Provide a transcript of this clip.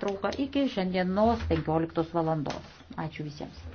pertrauką iki šiandienos 15 valandos. Ačiū visiems.